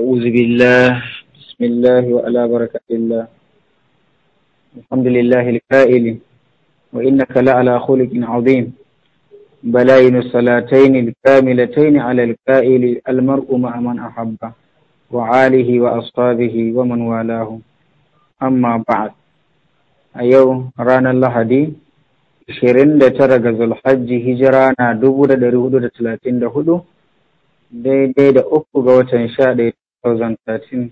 أعوذ بالله بسم الله وعلى بركة الله الحمد لله الكائل وإنك لعلى خلق عظيم بلاين الصلاتين الكاملتين على الكائل المرء مع من أحبه وعاله وأصحابه ومن والاه أما بعد أيو رانا اللهدي ishirin da tara ga zulhajji hijira na dubu da dari hudu da talatin da hudu daidai da uku ga watan sha ɗaya 2013,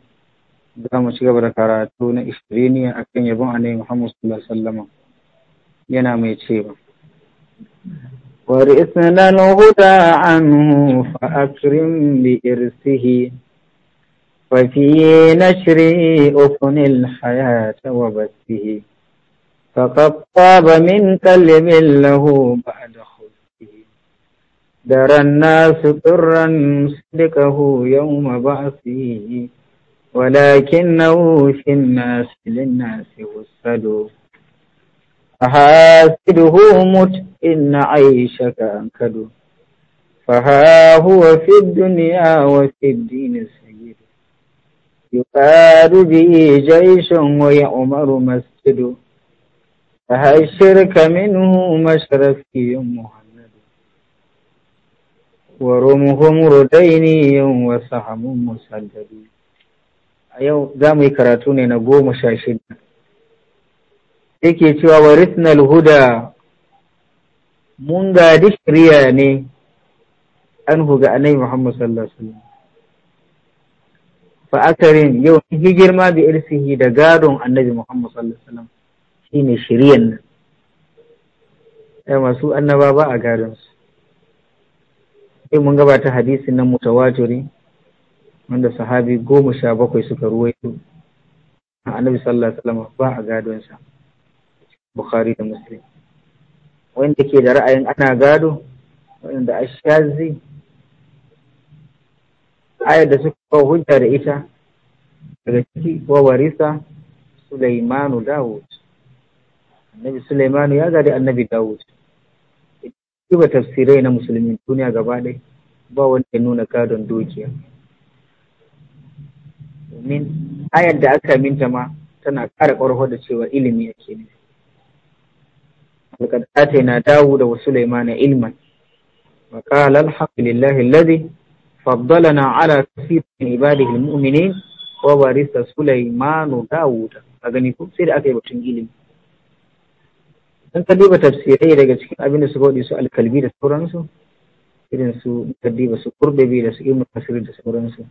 za mu ci gaba da karatu na Ishiriniya a kan yabon Annabi Muhammad sallallahu Alaihi yana mai cewa. ورثنا الهدى عنه فأكرم بإرثه وفي نشر أفن الحياة وبثه فقد طاب من كلم له بعد درى الناس ضرا مسلكه يوم بعثه ولكنه في الناس للناس وسد فحاسده مت إن عيشك أنكد فها هو في الدنيا وفي الدين سيد يقال به جيش ويأمر مسجد فهشرك منه مشرفي مهد ورمهم رديني وسهم مسددي a yau za mu yi karatu ne na goma sha shida yake cewa warithnal huda mun gadi shirya ne an huga annabi Muhammad sallallahu alaihi wasallam fa akarin yau yi girma bi irsihi da gadon annabi Muhammad sallallahu alaihi wasallam shine shiryan nan ai masu annaba ba a gadon su in mun gabata hadisin nan mutawatiri wanda sahabi goma sha bakwai suka ruwaito a annabi sallallahu alaihi wasallam ba a gadonsa bukhari da muslim wanda ke da ra'ayin ana gado wanda ashazi ayar da suka kawo hujja da ita daga ciki wa warisa sulaimanu dawud annabi sulaimanu ya gadi annabi dawud duba tafsirai na musulmi duniya gaba ɗaya ba wani ya nuna gadon dukiya. Domin ayar da aka minta ma tana ƙara ƙwarho da cewa ilimi ya ke ne. Alƙadda ta na dawo da wasu laimana ilman. Makala alhaƙi lillahi lalazi, na ala kafi da ibadi ilmu ne, barista su laimano dawo da. A gani ko sai da aka yi batun ilimi. in ka duba tafsirai daga cikin abin da suka su alkalbi da sauransu irin su ka ba su kurbebi da su ibnu kasir da sauransu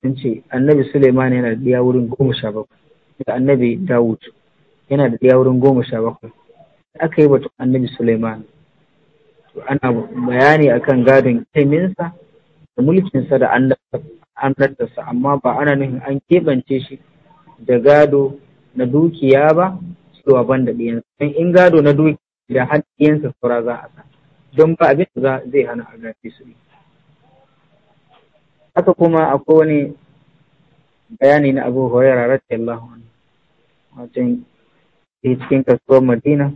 sun ce annabi suleiman yana da diya wurin goma sha bakwai da annabi dawud yana da diya wurin goma sha bakwai aka yi batun annabi suleiman to ana bayani akan gadon kaiminsa da mulkinsa da annabtarsa amma ba ana nufin an keɓance shi da gado na dukiya ba cewa ban da ɗiyansa don in gado na duki da har ɗiyansa saura za a sa don ba abin da zai hana a gafi su haka kuma akwai wani bayani na abu hurairah radiyallahu anhu wajen cikin kasuwar madina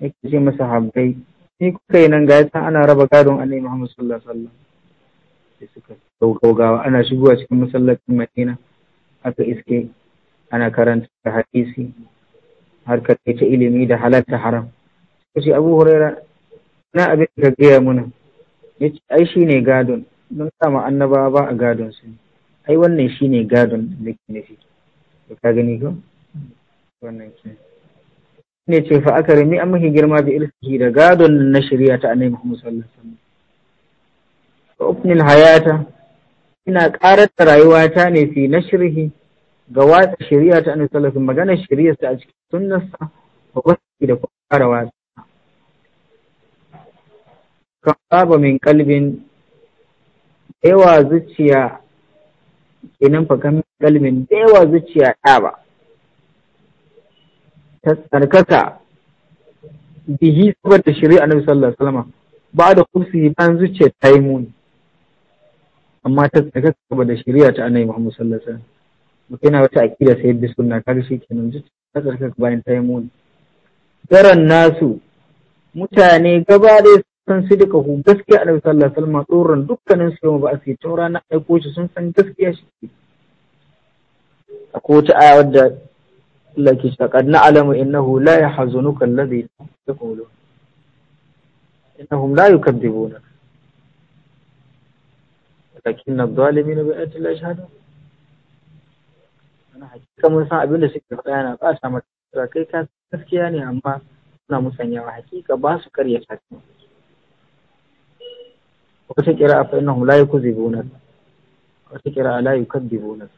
yake ce masa habbai ni kuka yi nan ga yasa ana raba gadon annabi muhammad sallallahu alaihi wasallam sai suka gawa ana shigowa cikin masallacin madina aka iske ana karanta hadisi harkar ta ilimi da halatta haram ce abu huraira na abin da gaya muna ya ce ai shi ne gadon don sama Annaba ba a gadon su ai wannan shi ne gadon da ke nufi da ka gani ko wannan ke ne ce fa aka rami an mahi girma bi irsihi da gadon na shari'a ta annabi Muhammad sallallahu alaihi wasallam fa hayata ina karar rayuwata ne fi shirhi. ga watsa shari'a ta annabi sallallahu alaihi wasallam magana shari'ar ta a cikin sunnar sa ba wasu da kuma fara watsa kan saba min kalbin yawa zuciya kenan fa kan kalbin da yawa zuciya ta ba ta tsarkaka bihi saboda shari'a annabi sallallahu alaihi wasallam ba da kursi ban zuciya ta yi muni amma ta tsarkaka saboda shari'a ta annabi Muhammad sallallahu alaihi wasallam yana wata aƙida sai yadda sunna kaga shi kenan zuciya tsarkaka bayan ta yi muni daren nasu mutane gaba da san sidika hu gaskiya annabi sallallahu alaihi wasallam tsoron dukkanin su yau ba a sai tun rana aiko shi sun san gaskiya shi akwai ta aya da Allah ke cewa na na'lamu innahu la yahzunuka alladhi taqulu innahum la yukaddibuna lakinna adh-dhalimina bi ayati la yashhadun haƙi kan mun san abin da suke faɗa yana a mata da kai ka gaskiya ne amma suna musanyawa hakika ba su karya sati wata kira fa innahum la yukzibuna wata kira la yukadibuna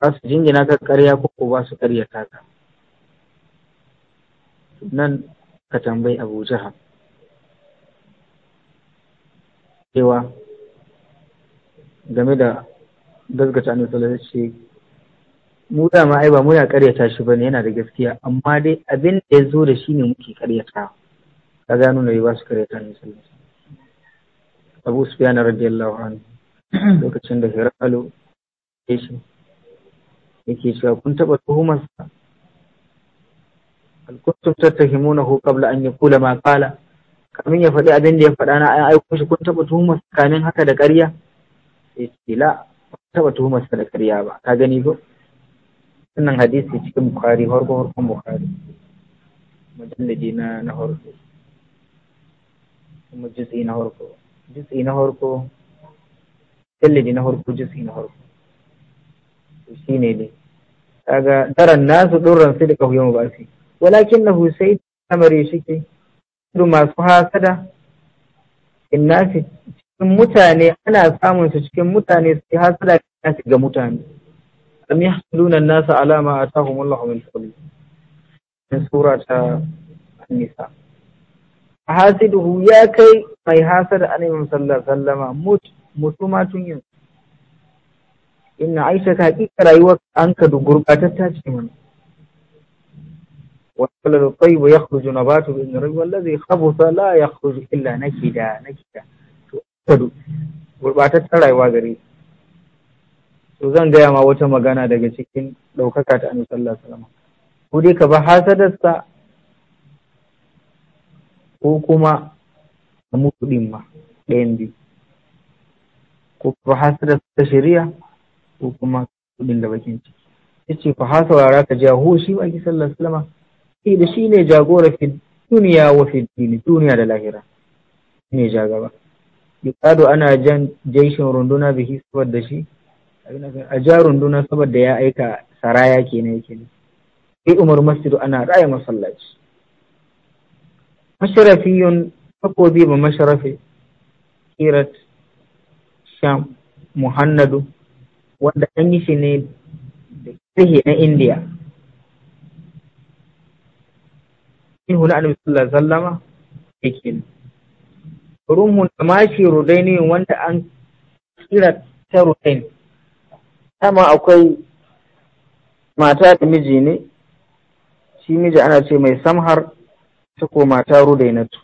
ba su jingina ka karya ko ba su karya taka nan ka tambayi Abu Jahal cewa game da gaskata annabi sallallahu alaihi wasallam mu da ma ai ba muna karyata shi bane yana da gaskiya amma dai abin da ya zo da shi ne muke karyata ka gano ne ba su karyata annabi sallallahu alaihi wasallam Abu Sufyan radiyallahu anhu lokacin da Hiralo ya shi yake cewa kun taba tuhumar sa kuntum tattahimunahu qabla an yaqula ma qala kamin ya faɗi abin da ya faɗa na an aiko shi kun taba tuhumar tsakanin haka da ƙarya sai ce la taba tuhumar sa da ƙarya ba ka gani ko wannan hadisi cikin bukhari harko harkon bukhari mujalladi na na harko kuma juz'i na harko juz'i na harko mujalladi na harko juz'i na harko to ne dai kaga daren nasu durran sai da yamma ba su na sai amare shike masu hasada in nasi cikin mutane ana samun su cikin mutane su hasada ya shiga mutane am yahsuluna an-nasa ala ma atahumullahu min fadli cikin sura ta nisa hasiduhu ya kai mai hasada annabi sallallahu alaihi wasallama mut mutuma tun yin inna aisha ka hakika rayuwar an ka gurbatatta ce mana والبلد الطيب يخرج نباته بإذن ربه والذي خبث لا يخرج إلا نكدا نكدا kudu gurɓataccen rayuwa gare su to zan gaya ma wata magana daga cikin ɗaukaka ta annabi sallallahu alaihi wasallam ko dai ka ba hasadarsa ko kuma ka mutu ɗin ma ɗayan biyu ko ka ba hasadarsa ta shari'a ko kuma kuɗin da bakin ciki ce fa hasa saurara ka ja ho shi ba sallallahu alaihi wasallam shi da shi ne jagora fi duniya wa fi duniya da lahira ne jagaba yuqadu ana jan jaishin runduna bihi saboda shi a ja runduna saboda ya aika saraya kenan ne Sai umar masjidu ana raya masallaci masharafiyun bi ba masharafi kirat sham muhannadu wanda an yi shi ne da kirhi na indiya Ihu na annabi sallallahu alaihi wasallama yake rumhun da maki rudaini wanda an kira ta rudaini sama akwai mata da miji ne shi miji ana ce mai samhar ta ko mata rudainatu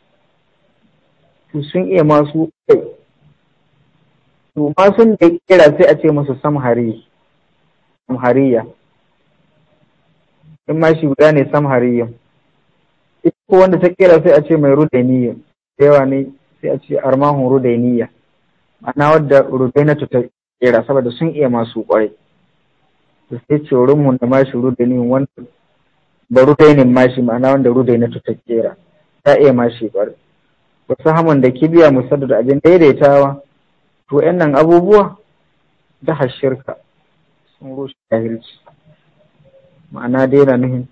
to sun iya masu kai to masu da kira sai a ce masu samhari samhariya in ma shi guda ne samhariya ko wanda ta kira sai a ce mai rudainiya yawa ne sai a ce armahun rudainiya ma'ana wadda rudaina ta kera saboda sun iya masu kwarai da sai ce mu da mashi rudainin wanda ba rudainin mashi ma'ana wanda rudaina ta kera ta iya mashi kwarai wasu hamun da kibiya musaddu da abin daidaitawa to yan nan abubuwa da hashirka sun rushe jahilci ma'ana daina nuhin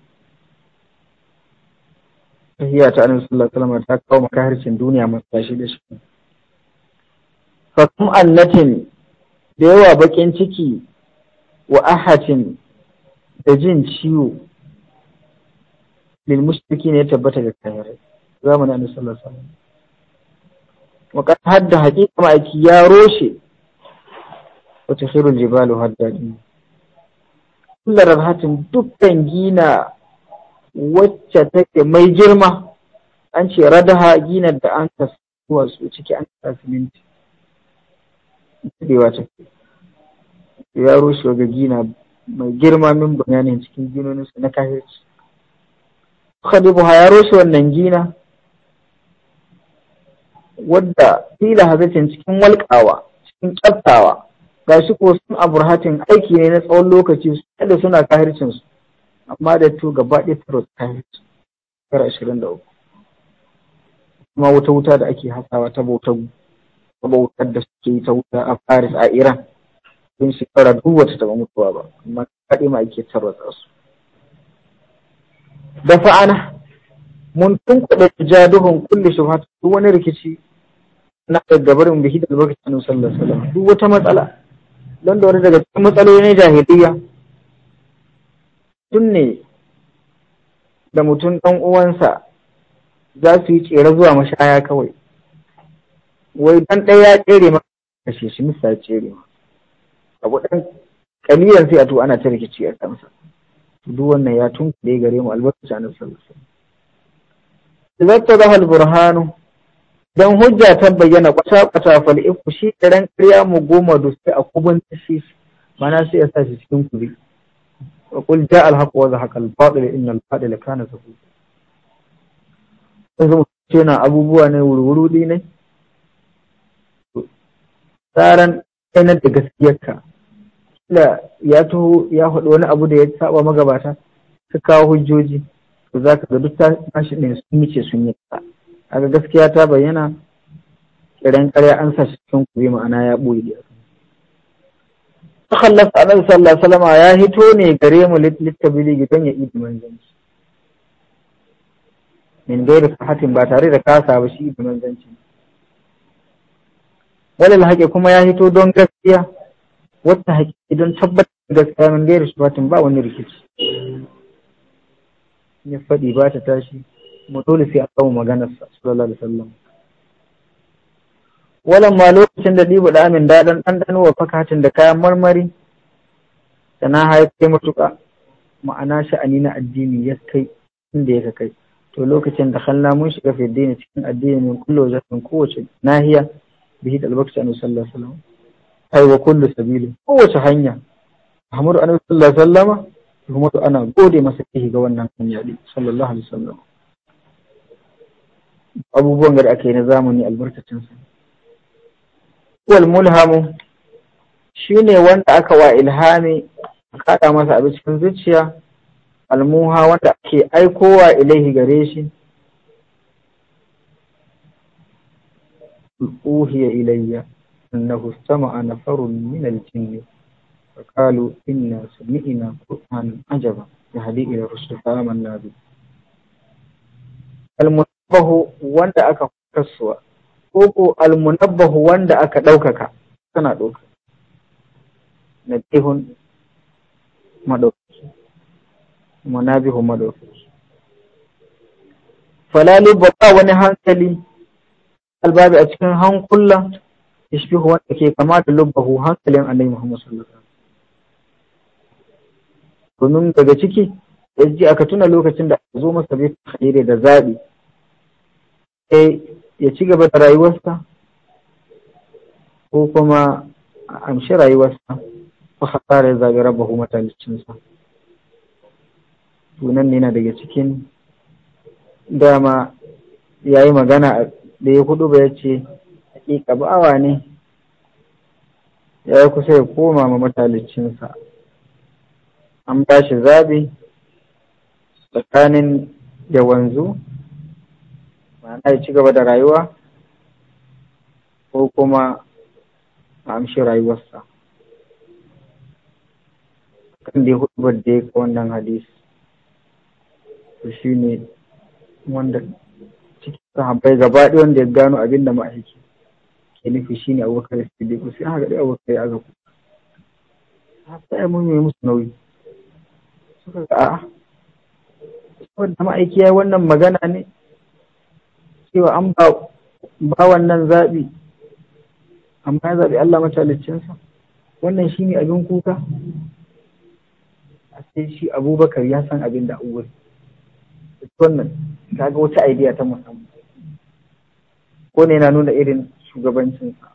tahiyya ta annabi sallallahu alaihi wasallam ta kawo makaharcin duniya masu tashi da shi fa kum annatin da yawa bakin ciki wa ahatin da jin ciwo lil mushriki ne tabbata ga kafirai zamanin annabi sallallahu alaihi wasallam wa qad hadda haqiqa ma'aiki ya roshe wa takhirul jibalu haddadin kullu rabhatin dukkan gina wacce take mai girma an ce radaha ginar da an kasuwa su ciki an kasa siminti daɗewa ya rushe ga gina mai girma min bayani cikin ginoninsu na kahirci khadibu ya rushe wannan gina wadda fila hazatin cikin walƙawa cikin ƙyaftawa ga shi ko sun aburhatin aiki ne na tsawon lokaci da suna kahircinsu amma da to gaba ɗaya ta hito shekara ashirin da uku kuma wata wuta da ake hasawa ta bautar bautar da suke yi ta wuta a paris a iran sun shekara duk wata taɓa mutuwa ba amma kaɗai ma ake tarwatsa su da fa'ana mun ja duhun kulle shubhat duk wani rikici na gaggabarin bihi da albarkacin sallallahu alaihi wasallam duk wata matsala don da wani daga cikin matsaloli na jahiliya mutum ne da mutum ɗan uwansa za su yi tsere zuwa mashaya kawai wai dan ɗaya ya tsere ma kashe shi mista ya tsere ma abu ɗan sai a to ana ta rikici a kansa duk wannan ya kuɗe gare mu albarkaci a nasarar su. ta zahal burhanu don hujja ta bayyana kwata kwata fal shi ɗaren ƙarya mu goma da sai a kubun tashi mana sai ya sa shi cikin kuri qul ja'a al-haqq wa zahaqa al-batil inna al-batila kana zahuqa yanzu ce na abubuwa ne wurwurudi ne tsaran yanar da gaskiyarka da ya taho ya faɗi wani abu da ya saba magabata ka kawo hujjoji to za ga duk tashi ɗin sun mice sun yi ta kaga gaskiya ta bayyana kiran karya an sa cikin kuri ma'ana ya ɓoye takhallaf annabi sallallahu alaihi ya hito ne gare mu littabili gidan ya idi manzanci min gairi sahatin ba tare da kasa ba shi idi manzanci walil haƙe kuma ya hito don gaskiya wata haƙe don tabbatar gaskiya min da sahatin ba wani rikici ya faɗi ba ta tashi mu dole sai a kawo maganarsa sallallahu alaihi wasallam walan ma lokacin da ɗibu da amin daɗin ɗanɗano wa fakatin da kayan marmari da na haifi matuƙa ma'ana sha'ani na addini ya kai inda ya kai to lokacin da kalla mun shiga fiddini cikin addini min kullu wajhin kowace nahiya bihi da albakci annabi sallallahu alaihi wasallam ai wa kullu sabili kowace hanya Muhammadu annabi sallallahu alaihi wasallama kuma to ana gode masa kihi ga wannan hanya din sallallahu alaihi wasallam abubuwan da ake yi na zamani albarkacin sa wal mulhamu shine wanda aka wa ilhami kaɗa masa abin zuciya almuha wanda ake aikowa ilaihi gare shi uhiya ilayya annahu sama'a nafarun min al-jinn فقالوا إنا سمعنا قرآن عجبا يهدي إلى الرشد فآمنا به المنبه وند أكا كسوة Koko almunabbahu wanda aka ɗaukaka tana ɗauka na tihun maɗaukaki munabihu maɗaukaki falali ba wani hankali albabi a cikin hankula ishbihu wanda ke kama da lubbahu hankalin annabi Muhammad sallallahu alaihi domin daga ciki yaji aka tuna lokacin da zo masa bi khairi da zabi sai ya ci gaba da rayuwarsa ko kuma a amshi rayuwarsa ko hasara ya zabi rabahu matalicinsa tunan ne na daga cikin dama ya yi magana da ya hudu ba ya ce hakika ba'awa ne ya yi kusa ya koma ma matalicinsa an ba shi zabi tsakanin da wanzu ma'ana ya ci gaba da rayuwa ko kuma a amshi rayuwarsa kan dai ba da ya ka wannan hadis to shi ne wanda cikin sahabbai gaba ɗaya wanda ya gano abin da ma'aiki ke nufi shi ne abubakar ku sai haka dai abubakar ya aga kuka hatta ya mun yi musu nauyi suka ga a'a wanda ma'aiki ya yi wannan magana ne cewa an ba wannan nan zaɓi amma ya zaɓi Allah matalicinsa wannan shi ne abin kuka a sai shi abubakar ya san abin da wannan ta ga wata idea ta musamman ko ne na nuna irin shugabancinsa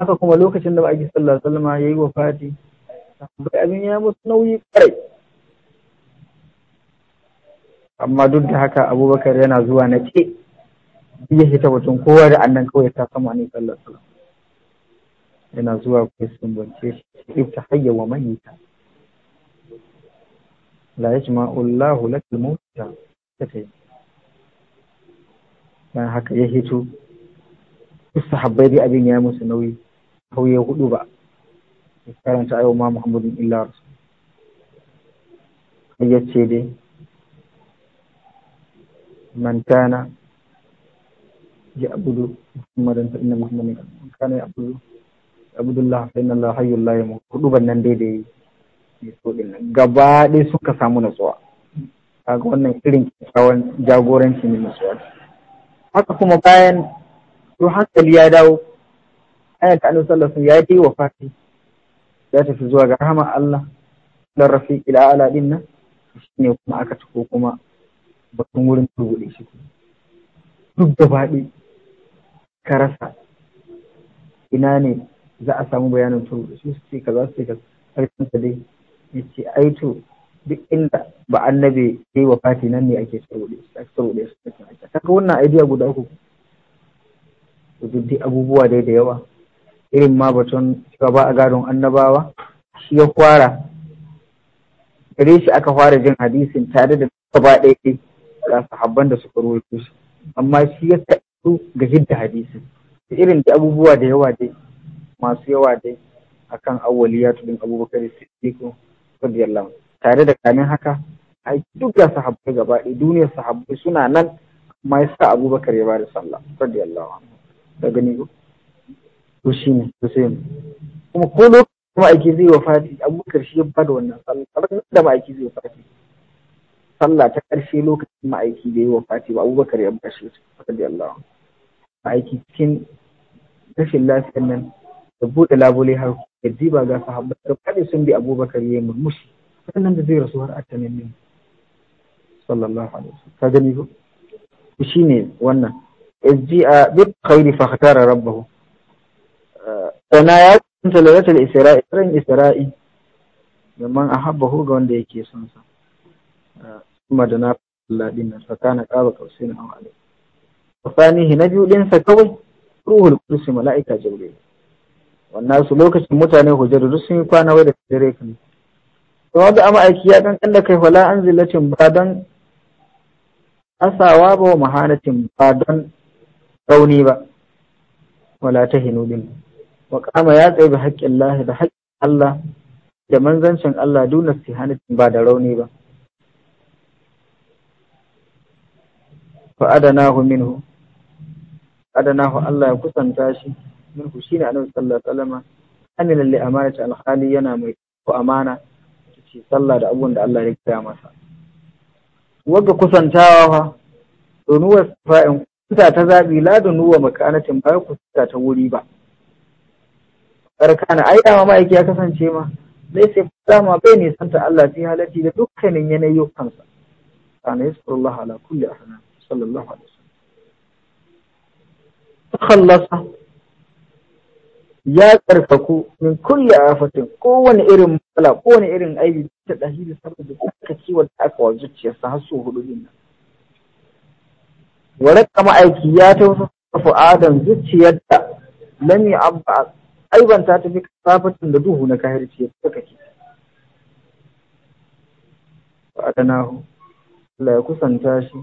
haka kuma lokacin da ba a sallallahu alaihi yi yayi wa fati abin ya musu nauyi ƙarai amma duk da haka abubakar yana zuwa na ce ya hita mutum kowa da annan kawai ta sama ne sallar sallar yana zuwa ku sumbance shi ta hayya wa mayita la yajma'u Allahu lakal mauta yi. dan haka ya hito sahabbai dai abin ya musu nauyi hauye hudu ba karanta ayyuma muhammadin illa rasul ya ce dai من كان يعبد محمدا فإن محمدا كان يعبد يعبد الله فإن الله حي لا يموت kuduban nan dai dai ne so din nan gaba dai suka samu nutsuwa kaga wannan irin kyakkyawan jagoranci ne nutsuwa haka kuma bayan to hankali ya dawo ayyar ta annabi sallallahu alaihi wasallam ya yi wafati ya tafi zuwa ga rahama Allah don rafi ila a'la din nan shine kuma aka tuko kuma batun wurin turbuɗe shi duk baɗi ka rasa ina ne za a samu bayanin turbuɗe su su ce ka za su ce ka sarkin ka dai ya ce aito duk inda ba annabi ya yi wa fati nan ne ake turbuɗe su ake turbuɗe su ake Ta kaga wannan idea guda uku duk dai abubuwa dai da yawa irin ma batun cewa ba a gadon annabawa shi ya kwara gare shi aka fara jin hadisin tare da gaba ɗaya ga sahabban da suka ruwaito shi amma shi ya taɗu ga hidda hadisi da irin da abubuwa da yawa dai masu yawa dai akan awwaliyatu din abubakar siddiq radiyallahu tare da kanin haka ai duk da sahabbai gaba ɗaya duniyar sahabbai suna nan amma ya sa abubakar ya bada sallah radiyallahu anhu da gani ko shi ne ko sai kuma ko lokacin da ma'aiki zai wa fati abubakar shi ya bada wannan sallah da ma'aiki zai wa fati sallah ta ƙarshe lokacin ma'aiki da yi wa fati ba abubakar ya bashi radiyallahu ma'aiki cikin rashin lafiyar nan da buɗe labule har ya jiba ga haɓɓa da kaɗai sun bi abubakar ya yi murmushi sannan da zai rasu har a tanin ne sallallahu alaihi wasallam ka gani ko shi ne wannan A, duk khairi fa khatara rabbahu sana eh, ya kunta lalatul isra'i ran isra'i a ahabbahu ga wanda yake son sa eh, kuma da na Allah din nan sakana qaba qausaina aw adad fasanihi na biyu din sa kawai ruhul qudus malaika jibril wannan su lokacin mutane hujjar duk sun yi kwana wai da dare kan to wanda amma aiki ya dan kalla kai wala anzilatin ba dan asawa ba wa mahanatin ba dan rauni ba wala tahinu din wa kama ya tsaye bi haƙƙin Allah da haƙƙin Allah da manzancin Allah duna sihanatin ba da rauni ba fa adanahu minhu adanahu Allah ya kusanta shi minhu shine annabi sallallahu alaihi wasallam amina li amanati alhali yana mai ko amana ce sallah da abun da Allah ya kira masa wanda kusantawa fa donuwa fa'in kusa ta zabi la donuwa makanatin ba kusa ta wuri ba barkana ai dama ma'aiki ya kasance ma zai sai dama bai nisanta Allah fi halati da dukkanin yanayi kansa kana yasfurullah ala kulli ahnan صلى الله ya ƙarfaku min kulle afatin kowane irin matsala kowane irin aiki, ta dahili saboda aka ciwon da aka wa zuciyarsa har su hudu din nan waraka ma'aiki ya tausafa adam zuciyar da lami abba aiban ta tafi kafatin da duhu na kahirci ya saka ke adanahu Allah ya kusanta shi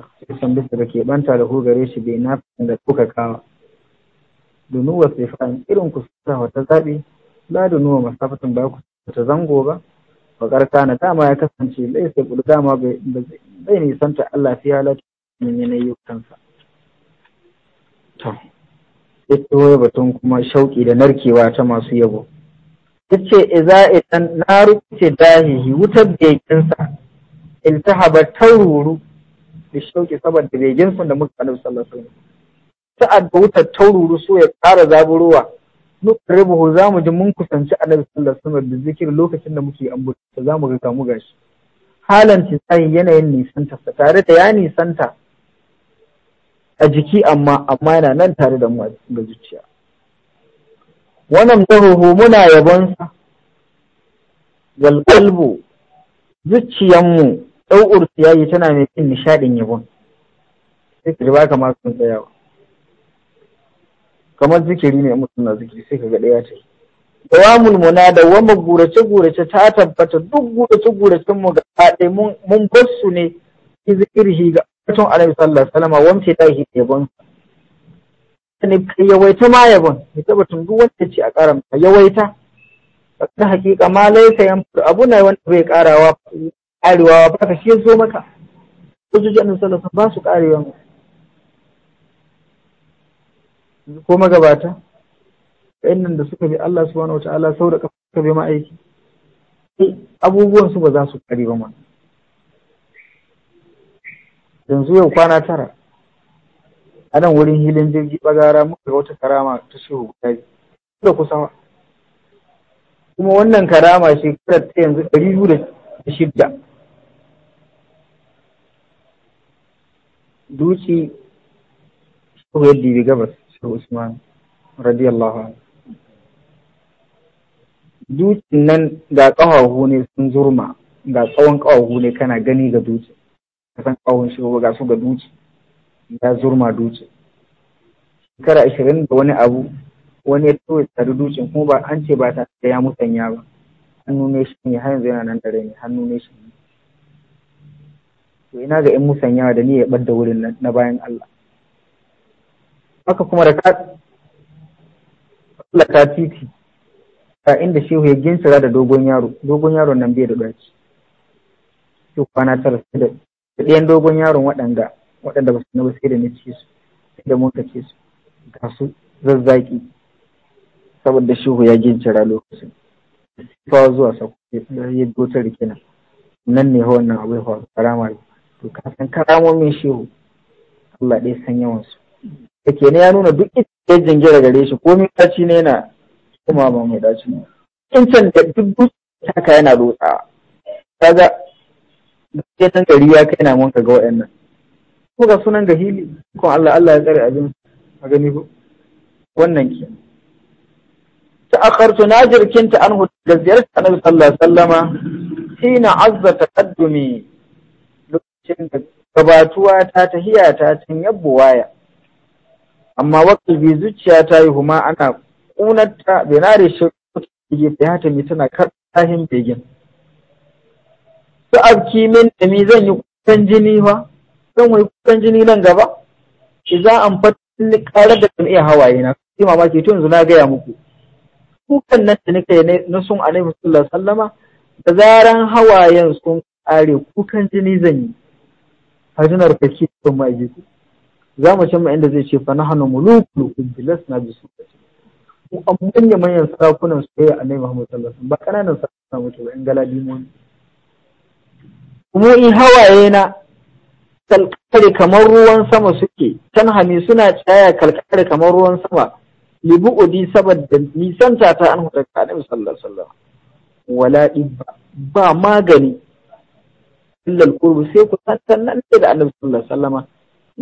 takhsisan bisa da keɓanta da ku gare shi bai na da kuka kawa dunu wa sifayin irin ku sa wata zaɓi la dunu wa masafatin ba ku ta zango ba ƙarƙa na dama ya kasance laisa kulu dama bai nisanta Allah fi halatta min yanayi kansa to sai batun kuma shauƙi da narkewa ta masu yabo yace iza idan na rufe dahihi wutar bekinsa ta ruru? da shauki saboda begen sun da muka kanu sallallahu alaihi sa'ad da wutar taururu so ya ƙara zaburowa nuqribuhu za mu ji mun kusanci annabi sallallahu alaihi da zikirin lokacin da muke ambata za mu ga kamu gashi halan tisayi yanayin nisanta tare da ya nisanta a jiki amma amma yana nan tare da mu ga zuciya wannan daruhu muna yabonsa wal qalbu zuciyanmu ɗau'ur siyayi tana mai cin nishaɗin yabon sai ka ba kama sun tsayawa kamar zikiri ne mutum na zikiri sai ka ga ɗaya ta yi dawamul da wa gurace gurace ta tabbata duk gurace guracen mu ga ɗaya mun bar su ne ki shi ga mutum alaihi sallallahu alaihi wasallam wamce ta yi yabon ne yawaita ma yabon ya taɓa duk wanda ce a ƙara yawaita ta hakika ma laisa abu ne wanda bai ƙarawa karewa ba ka shi zo maka ko annabi sallallahu ba su karewa ko magabata wayannan da suka bi Allah subhanahu ta'ala sau da suka bi ma'aiki abubuwan su ba za su kare ba yanzu yau kwana tara a nan wurin hilin jirgi bagara muka ga wata karama ta shehu gudari da kusa kuma wannan karama shekarar ta yanzu ɗari biyu da shida. dutse su ya dibi gabas shehu usman radiyallahu anhu dutsen nan ga ƙawahu ne sun zurma ga tsawon ƙawahu ne kana gani ga dutse ka san ƙawahun shi ga su ga dutse ya zurma dutse shekara ashirin da wani abu wani ya tsawo tsari dutsen kuma ba an ce ba ta ya musanya ba hannu ne shi ne har yanzu yana nan da rai ne hannu ne shi ne to ina ga in yawa da niyyar ɓadda wurin na bayan Allah haka kuma da ta ta titi ta inda shehu ya ginsira da dogon yaro dogon yaron nan bai da ɗaci to kwana tara sai da ɗayan dogon yaron waɗanda waɗanda ba su nuna sai da na ce su sai da mota ce su ga su zazzaki saboda shehu ya ginsira lokacin fa zuwa sako ya ta rikina nan ne wannan abu ya faru karama ne to kasan karamomin shehu Allah ɗaya san yawan su da ke ya nuna duk ita ya jingira gare shi komai daci ne na kuma ba mai daci ne in can da duk duk haka yana rotsa kaga gaskiyan gari ya kai na mun ga waɗannan ko ga sunan ga hili ko Allah Allah ya tsare abin a gani ko wannan ke Ta ta'akhartu na jirkinta anhu da ziyarta annabi sallallahu alaihi wasallama hina azza taqaddumi cin gabatuwa ta tahiya ta cin yabbo waya amma wakil bi zuciya ta yi huma ana kunarta binare shi ke fahimta mi tana karɓahin begin su abki min da mi zan yi kukan jini ba zan wai kukan jini nan gaba ki za an fatin karar da kan iya hawaye na sai mamaki na gaya muku kukan nan da nika na sun alaihi sallama da zaran hawayen sun kare kukan jini zan yi hajinar kake kan ma gefe za mu cimma inda zai ce fa nahnu mulukul kubbi lasna bi sultati mu an manya manyan sarakunan soyayya annabi Muhammad sallallahu alaihi wasallam ba kananan sarakuna mutu ba in galadimoni kuma in hawaye na kalkare kamar ruwan sama suke can Hami suna tsaya kalkare kamar ruwan sama Libu libu'udi saboda nisan ta ta an hutar ka annabi sallallahu alaihi wasallam ba magani illa alqurbu sai ku sannan da annabi sallallahu alaihi wasallama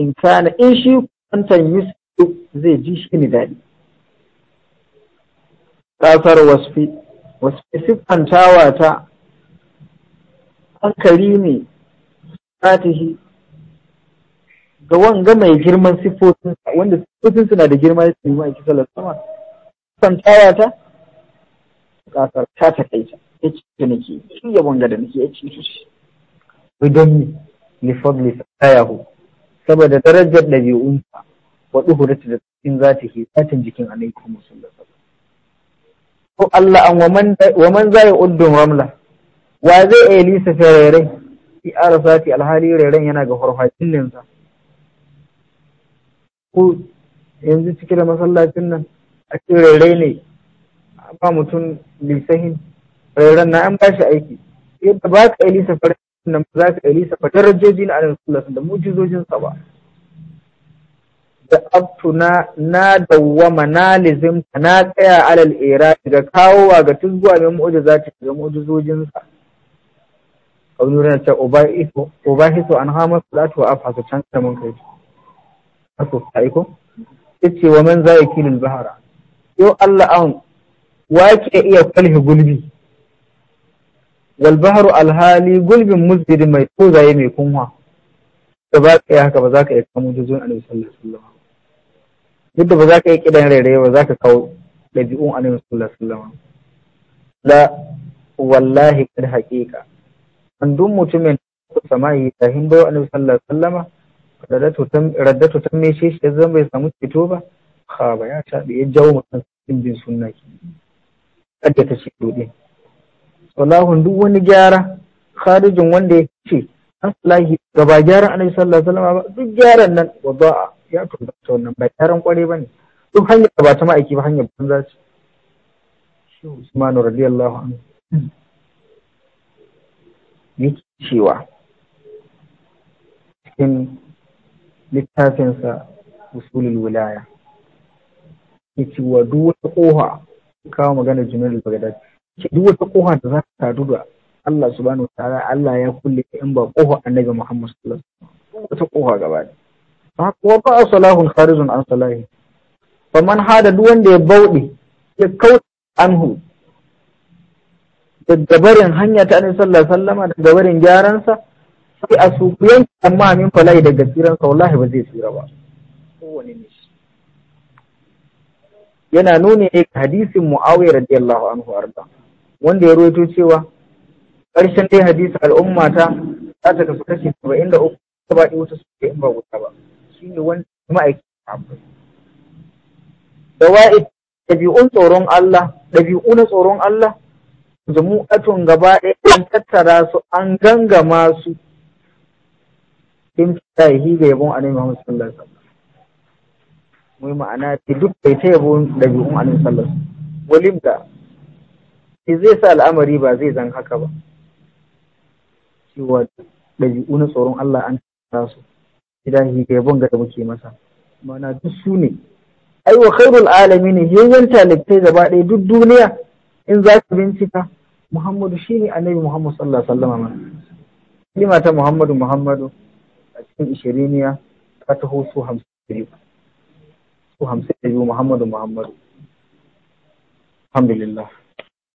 in kana in shi kwantan yusuf zai ji shi ne daɗi kasar wasfi wasfi siffantawa ta hankali ne fatihi ga wanga mai girman siffofin wanda siffofin suna da girma ya tsima a kisa sama siffantawa ta kasar ta takaita ya ce nake shi yabon wanga da nake ya ce shi bidon li fadli sayahu saboda darajar ɗabi'unsa wa duhurati da cikin ke satin jikin da musulun ko Allah an wa man ya uddun ramla wa zai iya lisa ferere fi arasati alhali rairan yana ga farfacin sa. ko yanzu cike da masallacin nan a ce rairai ne ba mutum lissahin. Rairan na an ba shi aiki yadda ba ka iya lisa ferere nan ba za ka iya fa darajoji na annabi sallallahu da mujizojin sa ba da abtuna na dawwama na lizimta na tsaya alal era daga kawowa ga tuzguwa mai mu'ujiza ta ga sa. Abu ran ta ubahisu an hama salatu wa afasa can mun kai ako aiko yace wa man za yakilul bahara yo Allah an wa ke iya kalhi gulbi walbaharu alhali gulbin musbidin mai tozaye mai kunwa da ba ka yi haka ba za ka iya kamo juzun annabi sallallahu alaihi wasallam duk da ba za ka yi kidan rairaye ba za ka kawo ɗabi'un annabi sallallahu alaihi wasallam wallahi kad haqiqa an duk mutumin da samayi tahin bai annabi sallallahu alaihi wasallam raddatu tam raddatu tam me shi shi zan bai samu fito ba ha ya ta ya jawo mutum bin sunna ki ta ci dodin salahun duk wani gyara kharijin wanda ya ce an salahi gaba gyaran annabi sallallahu alaihi wasallam ba duk gyaran nan wada'a ya tunda wannan ba taron kware bane duk hanyar da ba ta ma'aiki ba hanyar banza ce shi Usman radiyallahu anhu yake cewa cikin littafinsa usulul wilaya yake cewa duk wata koha kawo magana junar da baghdadi duk wata kofa da za ta sadu da Allah subhanahu wa ta'ala Allah ya kulle ka in ba kofa annabi Muhammad sallallahu alaihi wasallam wata kofa gaba ne fa wa ba salahun kharijun an salahi fa man hada duk wanda ya bauɗe ya kauce anhu da barin hanya ta annabi sallallahu alaihi wasallama da barin gyaran sa sai a su yanke amma min falai daga tsiran wallahi ba zai tsira ba kowane ne yana nuni ne hadisin Muawiya radiyallahu anhu arda wanda ya rawaito cewa ƙarshen dai hadisi al'umma ta za ta kasu kashi saba'in da uku ta baɗi wuta su in ba wuta ba shi ne wanda ma'aikin sahabbai dawa'i ɗabi'un tsoron Allah ɗabi'u na tsoron Allah zumu'atun gaba ɗaya an tattara su an gangama su in ta yi ga yabon annabi Muhammad sallallahu alaihi wasallam mai ma'ana duk bai ta yabon ɗabi'un annabi sallallahu alaihi wasallam walimta shi zai sa al'amari ba zai zan haka ba cewa ɗabi'u na tsoron Allah an tara su shi ga yabon da muke masa mana duk su ne ai wa khairul alamin yayin talibai gaba ɗaya duk duniya in za ka bincika Muhammadu shine annabi Muhammad sallallahu alaihi wasallam kalima ta Muhammadu Muhammadu a cikin ishiriniya ta taho su hamsin da biyu su hamsin da biyu Muhammadu Muhammadu alhamdulillah